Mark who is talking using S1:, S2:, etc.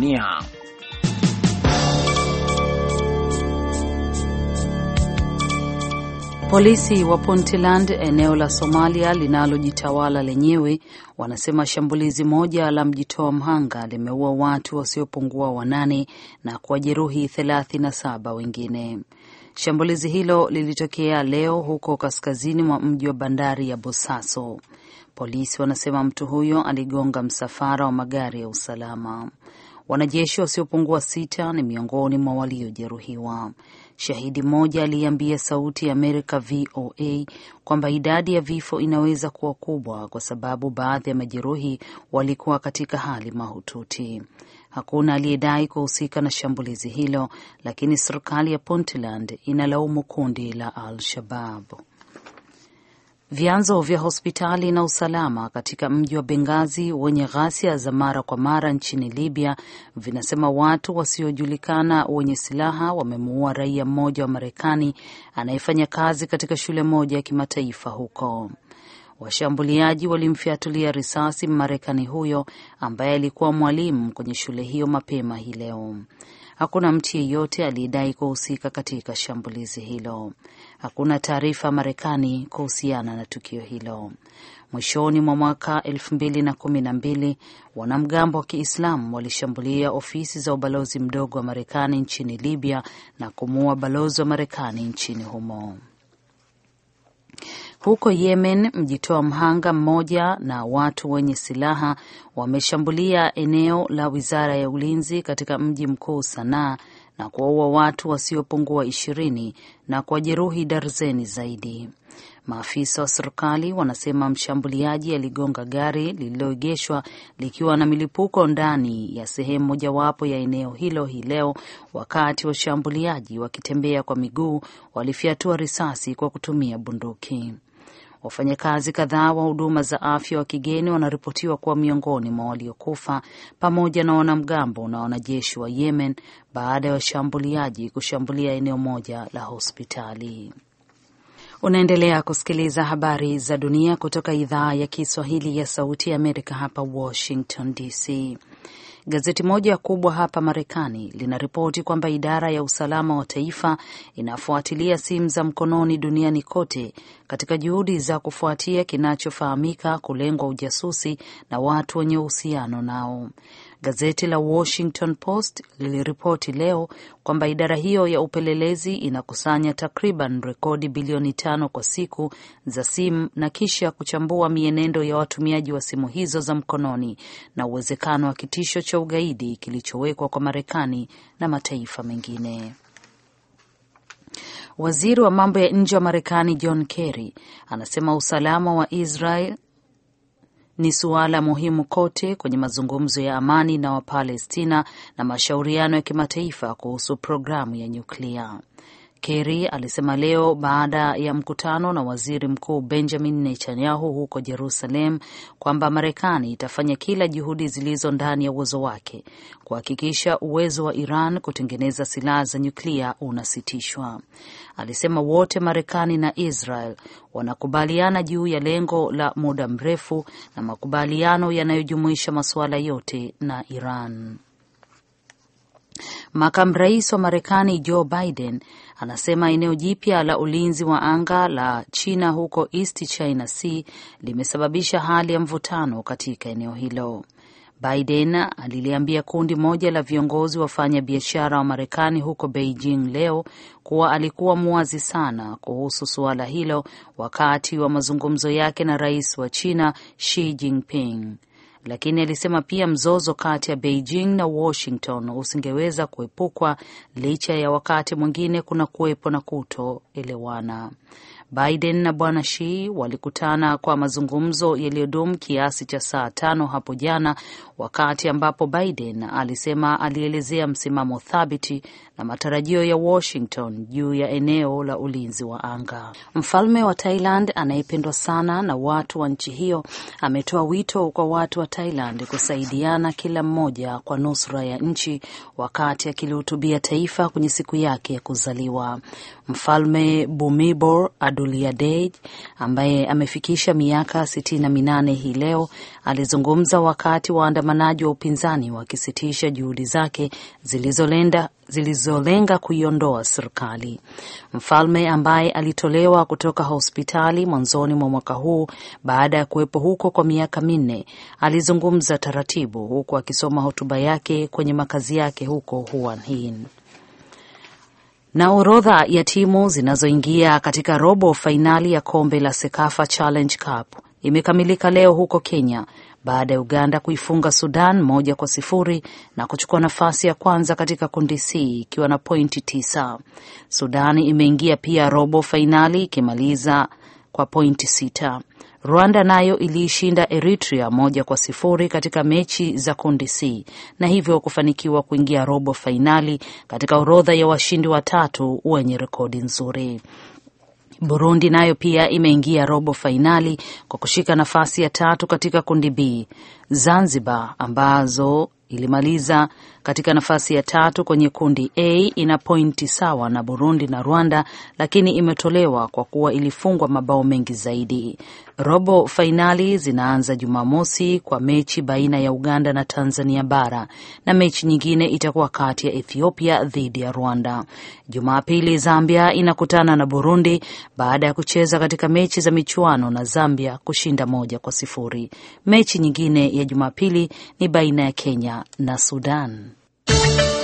S1: dunia. Polisi wa Puntland, eneo la Somalia linalojitawala lenyewe, wanasema shambulizi moja la mjitoa mhanga limeua watu wasiopungua wanane na kuwajeruhi 37 wengine. Shambulizi hilo lilitokea leo huko kaskazini mwa mji wa bandari ya Bosaso. Polisi wanasema mtu huyo aligonga msafara wa magari ya usalama. Wanajeshi wasiopungua sita ni miongoni mwa waliojeruhiwa. Shahidi mmoja aliyeambia Sauti ya Amerika VOA kwamba idadi ya vifo inaweza kuwa kubwa kwa sababu baadhi ya majeruhi walikuwa katika hali mahututi. Hakuna aliyedai kuhusika na shambulizi hilo, lakini serikali ya Puntland inalaumu kundi la Al Shabab. Vyanzo vya hospitali na usalama katika mji wa Bengazi wenye ghasia za mara kwa mara nchini Libya vinasema watu wasiojulikana wenye silaha wamemuua raia mmoja wa Marekani anayefanya kazi katika shule moja ya kimataifa huko. Washambuliaji walimfyatulia risasi marekani huyo ambaye alikuwa mwalimu kwenye shule hiyo mapema hii leo. Hakuna mtu yeyote aliyedai kuhusika katika shambulizi hilo. Hakuna taarifa Marekani kuhusiana na tukio hilo. Mwishoni mwa mwaka elfu mbili na kumi na mbili wanamgambo wa Kiislamu walishambulia ofisi za ubalozi mdogo wa Marekani nchini Libya na kumuua balozi wa Marekani nchini humo. Huko Yemen, mjitoa mhanga mmoja na watu wenye silaha wameshambulia eneo la wizara ya ulinzi katika mji mkuu Sanaa na kuwaua watu wasiopungua ishirini na kuwajeruhi darzeni zaidi. Maafisa wa serikali wanasema mshambuliaji aligonga gari lililoegeshwa likiwa na milipuko ndani ya sehemu mojawapo ya eneo hilo hii leo, wakati washambuliaji wakitembea kwa miguu walifyatua risasi kwa kutumia bunduki. Wafanyakazi kadhaa wa huduma za afya wa kigeni wanaripotiwa kuwa miongoni mwa waliokufa pamoja na wanamgambo na wanajeshi wa Yemen baada ya washambuliaji kushambulia eneo moja la hospitali. Unaendelea kusikiliza habari za dunia kutoka idhaa ya Kiswahili ya Sauti ya Amerika hapa Washington DC. Gazeti moja kubwa hapa Marekani linaripoti kwamba idara ya usalama wa taifa inafuatilia simu za mkononi duniani kote katika juhudi za kufuatia kinachofahamika kulengwa ujasusi na watu wenye uhusiano nao. Gazeti la Washington Post liliripoti leo kwamba idara hiyo ya upelelezi inakusanya takriban rekodi bilioni tano kwa siku za simu na kisha kuchambua mienendo ya watumiaji wa simu hizo za mkononi na uwezekano wa kitisho cha ugaidi kilichowekwa kwa Marekani na mataifa mengine. Waziri wa mambo ya nje wa Marekani John Kerry anasema usalama wa Israel ni suala muhimu kote kwenye mazungumzo ya amani na Wapalestina na mashauriano ya kimataifa kuhusu programu ya nyuklia. Kerry alisema leo baada ya mkutano na waziri mkuu Benjamin Netanyahu huko Jerusalem kwamba Marekani itafanya kila juhudi zilizo ndani ya uwezo wake kuhakikisha uwezo wa Iran kutengeneza silaha za nyuklia unasitishwa. Alisema wote Marekani na Israel wanakubaliana juu ya lengo la muda mrefu na makubaliano yanayojumuisha masuala yote na Iran. Makamu rais wa Marekani Joe Biden anasema eneo jipya la ulinzi wa anga la China huko East China Sea limesababisha hali ya mvutano katika eneo hilo. Biden aliliambia kundi moja la viongozi wafanya biashara wa Marekani huko Beijing leo kuwa alikuwa muwazi sana kuhusu suala hilo wakati wa mazungumzo yake na rais wa China Xi Jinping lakini alisema pia mzozo kati ya Beijing na Washington usingeweza kuepukwa licha ya wakati mwingine kuna kuwepo na kutoelewana. Biden na bwana shi walikutana kwa mazungumzo yaliyodumu kiasi cha saa tano hapo jana, wakati ambapo Biden alisema alielezea msimamo thabiti na matarajio ya Washington juu ya eneo la ulinzi wa anga. Mfalme wa Thailand anayependwa sana na watu wa nchi hiyo ametoa wito kwa watu wa Thailand kusaidiana kila mmoja kwa nusra ya nchi wakati akilihutubia taifa kwenye siku yake ya kuzaliwa. Mfalme Bumibor Aduliadej ambaye amefikisha miaka sitini na minane hii leo alizungumza wakati waandamanaji wa upinzani wakisitisha juhudi zake zilizolenda zilizolenga kuiondoa serikali. Mfalme ambaye alitolewa kutoka hospitali mwanzoni mwa mwaka huu baada ya kuwepo huko kwa miaka minne alizungumza taratibu, huku akisoma hotuba yake kwenye makazi yake huko Huan na orodha ya timu zinazoingia katika robo fainali ya kombe la Sekafa Challenge Cup imekamilika leo huko Kenya baada ya Uganda kuifunga Sudan moja kwa sifuri na kuchukua nafasi ya kwanza katika kundi C ikiwa na pointi tisa. Sudan imeingia pia robo fainali ikimaliza kwa pointi sita. Rwanda nayo iliishinda Eritrea moja kwa sifuri katika mechi za kundi C na hivyo kufanikiwa kuingia robo fainali katika orodha ya washindi watatu wenye rekodi nzuri. Burundi nayo pia imeingia robo fainali kwa kushika nafasi ya tatu katika kundi B. Zanzibar ambazo ilimaliza katika nafasi ya tatu kwenye kundi A ina pointi sawa na Burundi na Rwanda, lakini imetolewa kwa kuwa ilifungwa mabao mengi zaidi. Robo fainali zinaanza Jumamosi kwa mechi baina ya Uganda na Tanzania bara na mechi nyingine itakuwa kati ya Ethiopia dhidi ya Rwanda. Jumapili Zambia inakutana na Burundi baada ya kucheza katika mechi za michuano na Zambia kushinda moja kwa sifuri. Mechi nyingine ya Jumapili ni baina ya Kenya na Sudan. Thank you.